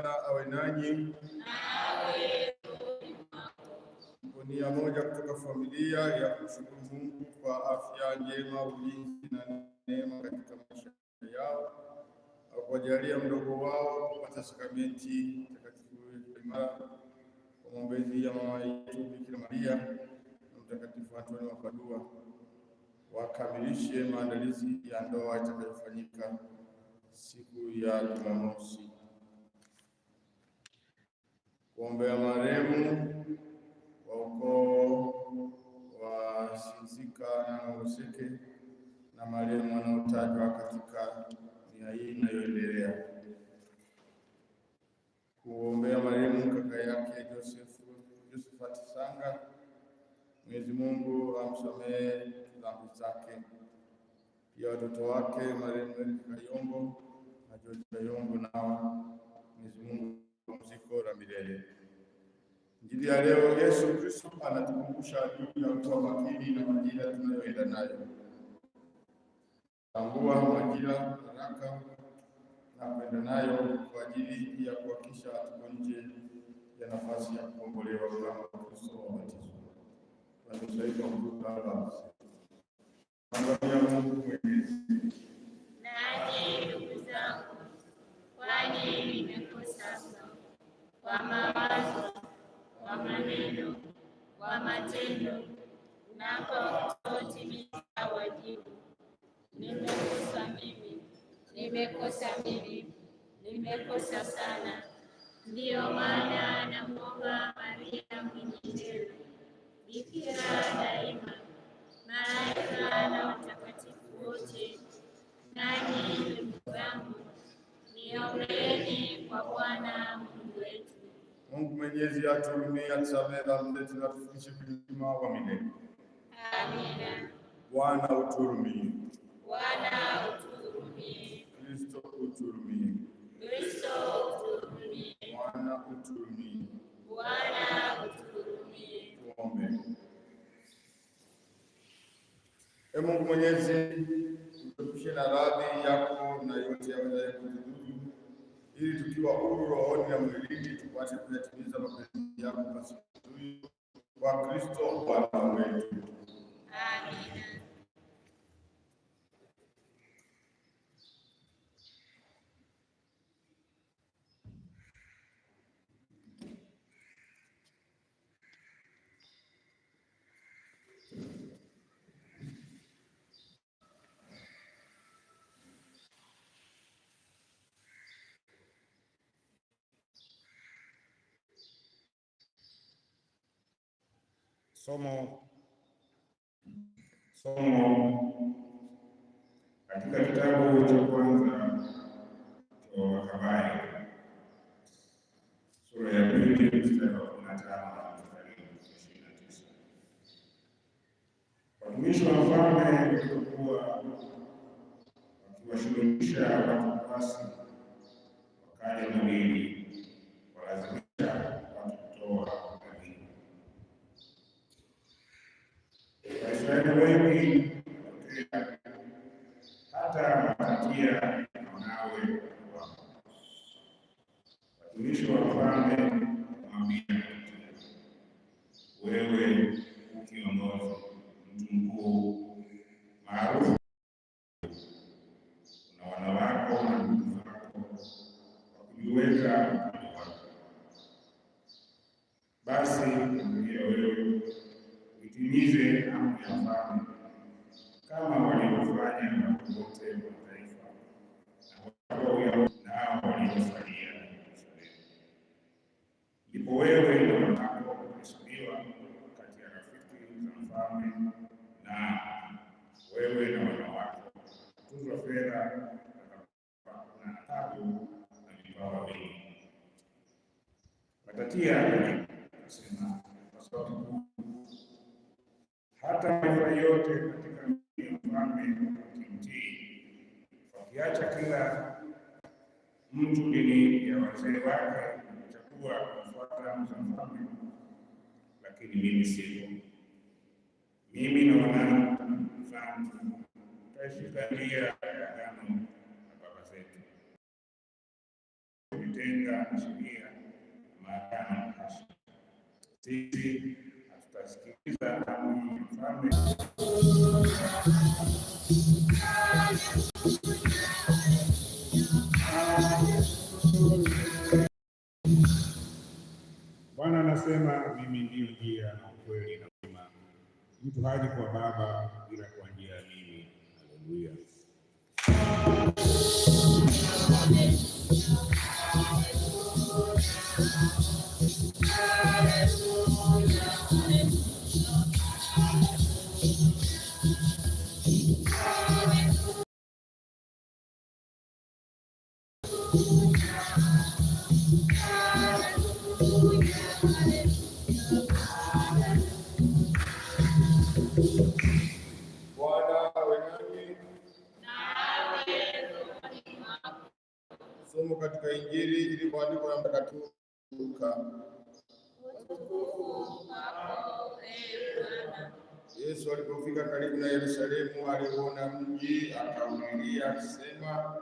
Bwana awe nanyi. Nia moja kutoka familia ya kushukuru Mungu kwa afya njema, ulinzi na neema katika maisha yao, akuwajalia mdogo wao kupata sakramenti takatifu kwa maombezi ya mama yetu Bikira Maria na Mtakatifu Antoni wa Padua, wakamilishe maandalizi ya ndoa itakayofanyika siku ya Jumamosi kuombea marehemu wa ukoo wa Sinzika na Mangoseke na marehemu wanaotajwa katika nia hii inayoendelea, kuombea marehemu kaka yake Joseph Josephat Sanga, Mwenyezi Mungu amsamehe dhambi zake, pia watoto wake marehemu Kayombo na George Kayombo nao Mwenyezi Mungu pumziko la milele. Injili ya leo, Yesu Kristo anatukumbusha juu ya kuwa makini na majira tunayoenda nayo. Tambua majira haraka na kuenda nayo kwa ajili ya kuhakikisha tuko nje ya nafasi ya kukombolewa kama Kristo wa ubatizo. Wanusaika mkuu Mungu Mwenyezi kwa mawazo, kwa maneno, kwa matendo na kwa kutotimiza wajibu. Nimekosa mimi, nimekosa mimi, nimekosa sana. Ndiyo maana namwomba Maria mwenyewe, Bikira daima, malaika na watakatifu wote, nanyi ndugu zangu, niombeeni kwa Bwana Mungu wetu. Mungu Mwenyezi atuhurumie, atusamehe dhambi zetu na atufikishe kwenye uzima wa milele. Amina. Bwana utuhurumie. Bwana utuhurumie. Kristo utuhurumie. Kristo utuhurumie. Bwana utuhurumie. Bwana utuhurumie. Tuombe. Ee Mungu Mwenyezi, tuepushe na radhi yako na yote yawezayo kudhuru ili tukiwa huru rohoni na mwilini tupate kuyatimiza mapenzi yako kwa Kristo Bwana wetu. Amina. Somo somo katika kitabu cha kwanza cha Wakabayo sura ya pili mstari wa kumi na tano ishirini na tisa watumishi wa mfalme waliokuwa wakiwashughulisha watu basi wakaja mawili walazimisha wengi eh, hata watakia kuyafanya kama walivyofanya watu wote wa mataifa na watu wa Uyahudi Yerusalemu. Ndipo wewe na wanako mtahesabiwa kati ya rafiki za mfalme, na wewe na wanawako kutuzwa fedha na taabu na vipawa vingi watatia asema hata mataifa yote katika mji mfalme wakimtii, wakiacha kila mtu dini ya wazee wake, chagua kufuata amri za mfalme. Lakini mimi sivyo, mimi na wana zangu tutaishika ya agano na baba zetu, kujitenga na sheria na maagano ya sisi Bwana anasema mimi ndiye njia na ukweli na uzima, mtu haji kwa Baba bila kwa njia ya mimi. Haleluya. karibu na Yerusalemu aliona mji, akaulilia akisema,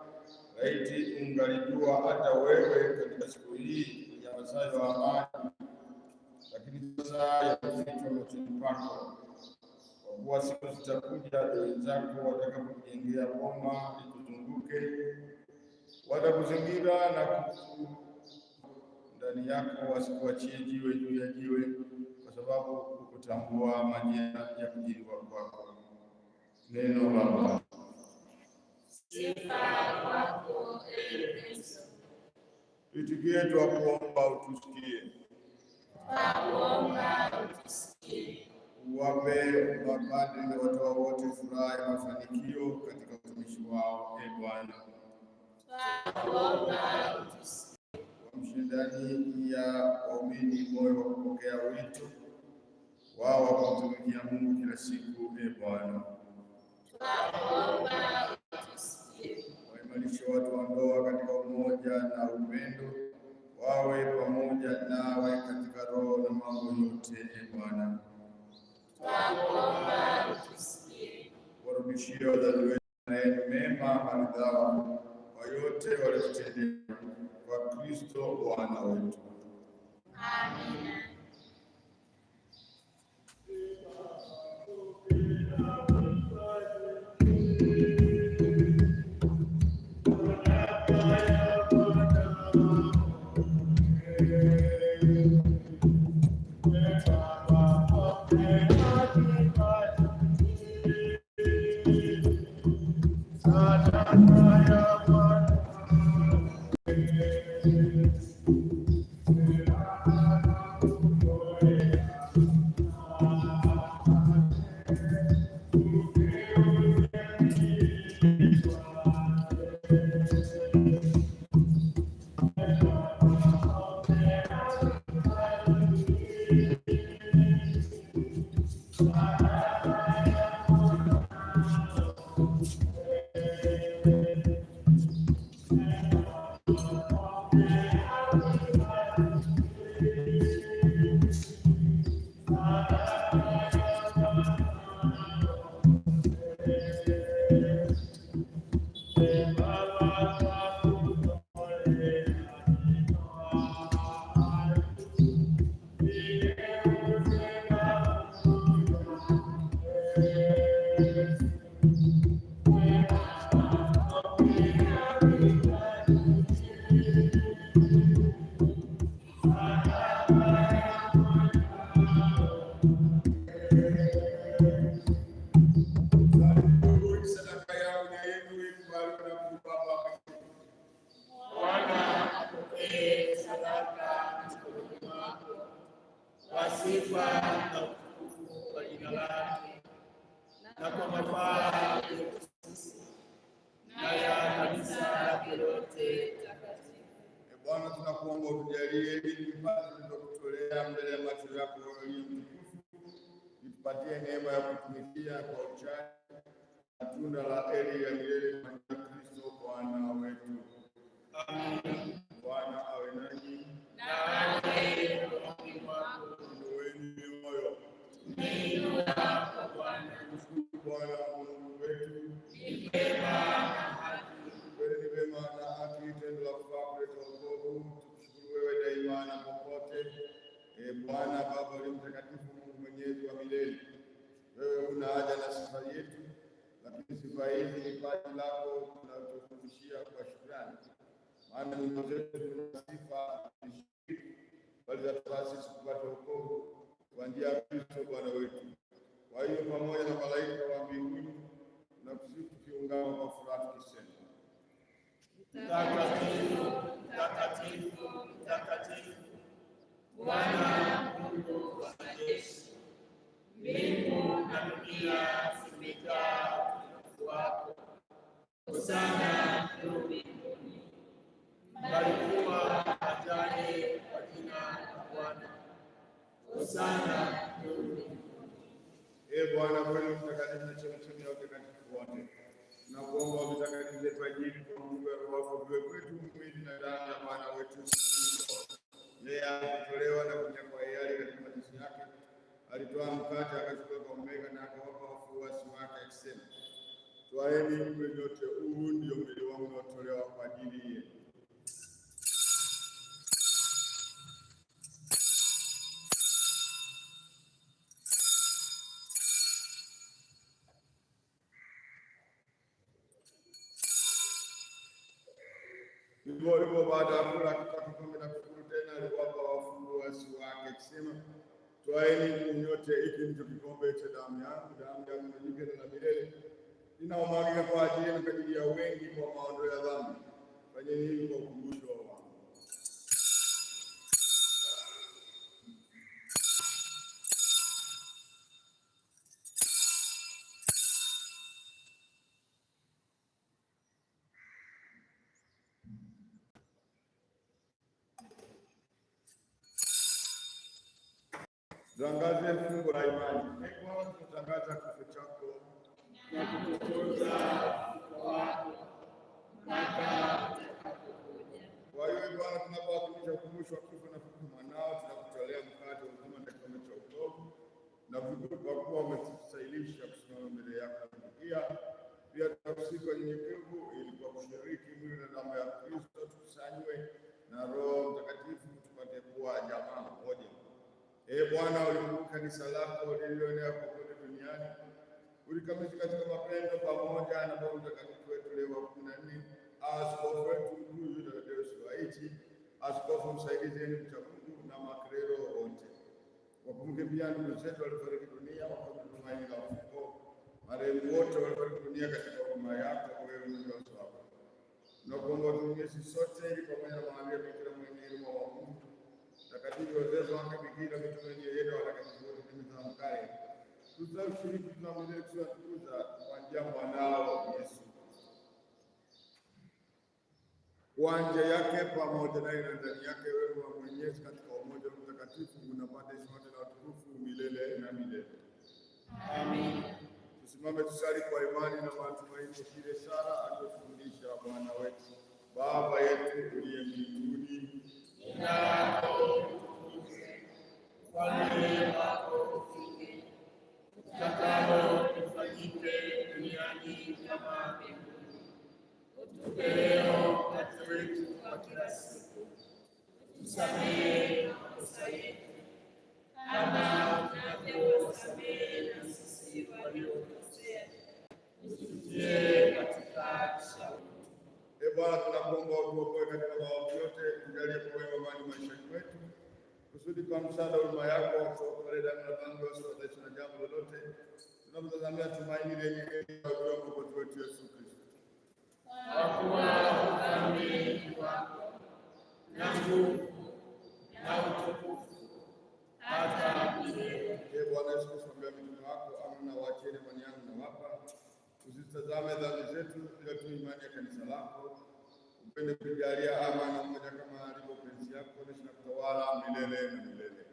laiti ungalijua hata wewe katika siku hii ya masayo wa amani, lakini sasa yamefichwa machoni pako. Kwa kuwa siku zitakuja, adui zako watakapojengea boma likuzunguke, watakuzingira na kuku ndani yako, wasikuachie jiwe juu ya jiwe, kwa sababu kutambua mania ya kujiliwa kwako neno la Bwana. Sifa kwako Kristo. Ee Itikie twa kuomba utusikie, twakuomba utusikie. Uwape mapadri na watawa wote furaha ya mafanikio katika utumishi wao, e Bwana, twakuomba utusikie. Wamshindani ya waumini moyo wa kupokea wito wao wa kumtumikia Mungu kila siku, e Bwana tunakuomba Waimarishe watu wa ndoa katika umoja na upendo, wawe pamoja nawe katika roho na mambo yote. Ee Bwana tunakuomba Warudishie wazazi wetu mema maridhawa kwa yote walitutendea, kwa Kristo Bwana wetu. Amina. Bye. Mtakatifu, mtakatifu, mtakatifu, Bwana Mungu wa majeshi, mbingu na dunia zimejaa utukufu wako. Hosana mbinguni. Mbarikiwa ajaye kwa jina la Bwana. Hosana mbinguni. Ee Bwana, kweli mtakatifu na na kuomba vitakatifu vyetu ajili kwa Mungu wako viwe kwetu mwili na damu ya Bwana wetu lea kutolewa na kunyakwa hiari katika mateso yake, alitoa mkate akachukua kwa mbega na akawapa wafuasi wake akisema, twaeni mle nyote, huu ndio mwili wangu unaotolewa kwa ajili yenu. Twaeni nyote, hiki ndicho kikombe cha damu yangu, damu yangu nyingine na milele inaomwagika kwa ajili yenu kwa ajili ya wengi kwa maondoleo ya dhambi. Fanyeni hivi kwa ukumbusho Tuangazie fungu la imani. Mungu kifo chako na kutukuza ufufuko wako mpaka Kwa hiyo Bwana, tunapoadhimisha ukumbusho wa kifo na ufufuko mwanao, tunakutolea mkate wa uzima na kikombe cha utovu, na kushukuru kwa kuwa umetusailisha kusimama mbele yako na kutumikia. Pia tunakusihi kwa unyenyekevu ili kwa kushiriki mwili na damu ya Kristo Ee Bwana, ulikumbuka kanisa lako lililoenea kokote duniani, ulikamilisha katika mapendo pamoja na Baba Mtakatifu wetu Leo wa kumi na nne, askofu wetu mkuu Yuda Thadeusi Ruwa'ichi, askofu msaidizi yenu mcha Mungu na makrero wote. Wakumbuke pia ndugu zetu waliofariki dunia wakati tumaini la ufufuo, marehemu wote waliofariki dunia katika huruma yako wewe Mungu wa saba. Tunakuomba sisi sote ili pamoja na Maria kila mwenye elimu wa Mungu mtakatifu Yosefu wake Bikira mitume yetu watakatifu wote tumetamkaye tutaushiriki kwa njia mwanao Yesu. Kwa njia yake pamoja naye na ndani yake wewe mwenyezi katika umoja mtakatifu unapata ishara na utukufu milele na milele. Amen. Tusimame tusali kwa imani na matumaini kile sala aliyofundisha Bwana wetu Baba yetu uliye mbinguni Tusamehe makosa yetu kama tunavyowasamehe nasi maishani wetu kusudi kwa msaada wa huruma yako tuokolee na jambo lolote, tunapotazamia tumaini wetu Yesu Kristo. Kwa kuwa na utukufu hata milele. Ee wako, amna waacheni amani yangu nawapa, usitazame zetu, ila tu ya kanisa lako kwenye kujalia amani moja kama alivyo penzi yako na kutawala milele na milele.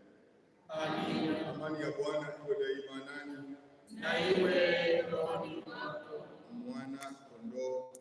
Amina. Amani ya Bwana iwe daima nanyi na iwe rohoni mwako. Mwana kondoo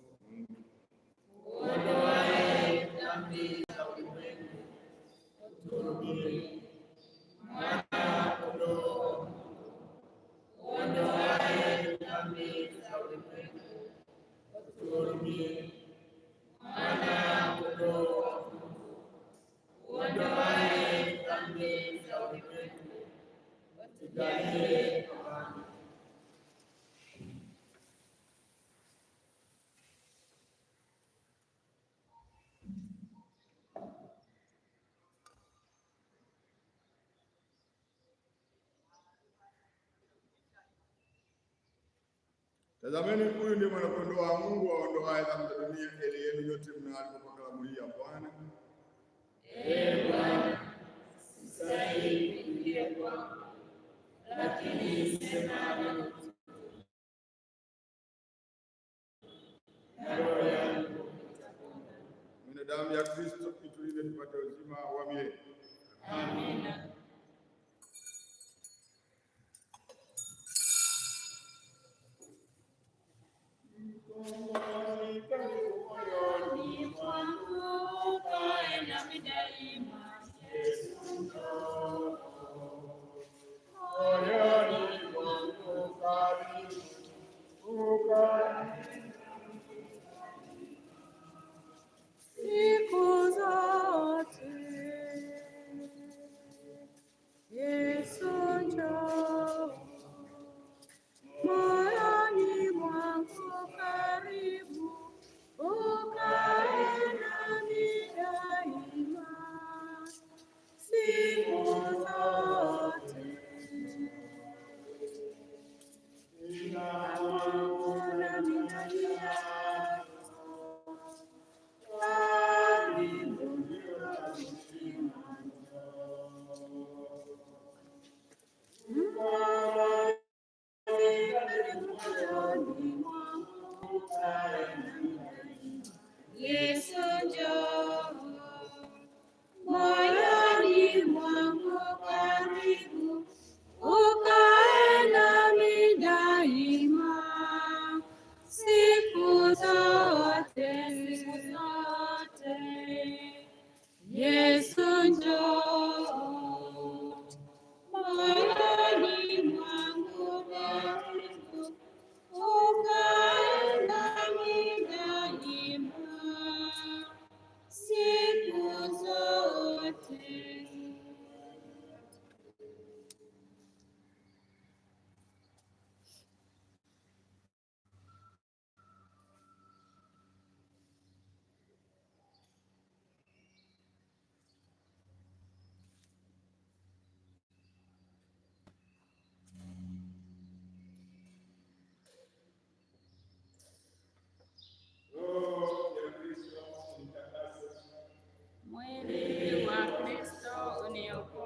Tazameni, huyu ndiye mwanakondoo wa Mungu aondoaye dhambi za dunia. Heri yenu yote mnaalikwa kwa karamu hii ya Bwana. Ee Bwana, si stahili kuingia kwako, lakini semalo na roho yangu itakuwa. Damu ya Kristo itulinde tupate uzima wa milele. Amina. Kwa Mungu namdai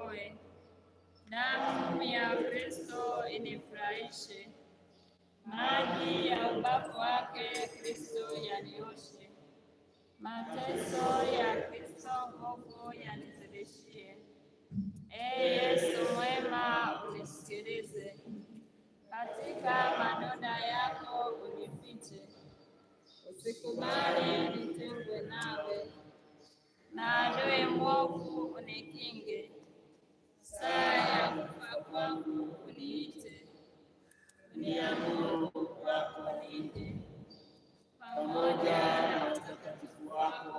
wewe. Damu ya Kristo inifurahishe, maji ya ubavu wake Kristo yanioshe, mateso ya Kristo Mungu yanizidishie. Ee Yesu mwema, unisikilize, katika manona yako unifiche, usikubali nitengwe nawe, na adui mwovu unikinge saa kufa kwangu uniite, uniamuru wako niite, pamoja na utakatifu wako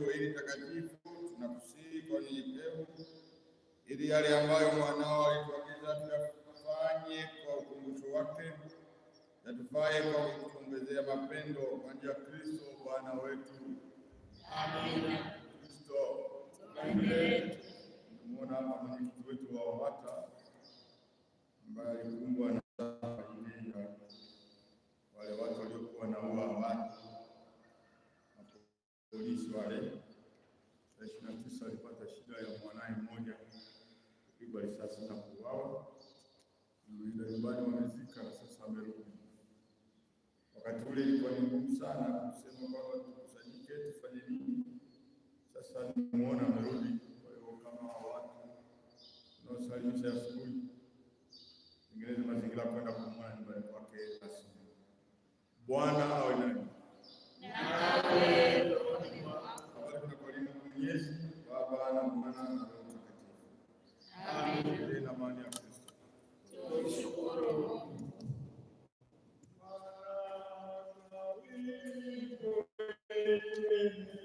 andiko hili takatifu, tunakusihi kwa unyenyekevu, ili yale ambayo mwanao alituagiza tuyafanye kwa ukumbusho wake, yatufae kwa kutuongezea mapendo kwa njia ya Kristo Bwana wetu. Amina. Kristo kumuona amerudi. Kwa hiyo kama watu unaosalisha asubuhi, tengeneze mazingira kwenda kumuona nyumbani kwake Bwana awe nanyi. Mwenyezi Baba na Mwana na Roho Mtakatifu. amani ya Kristo.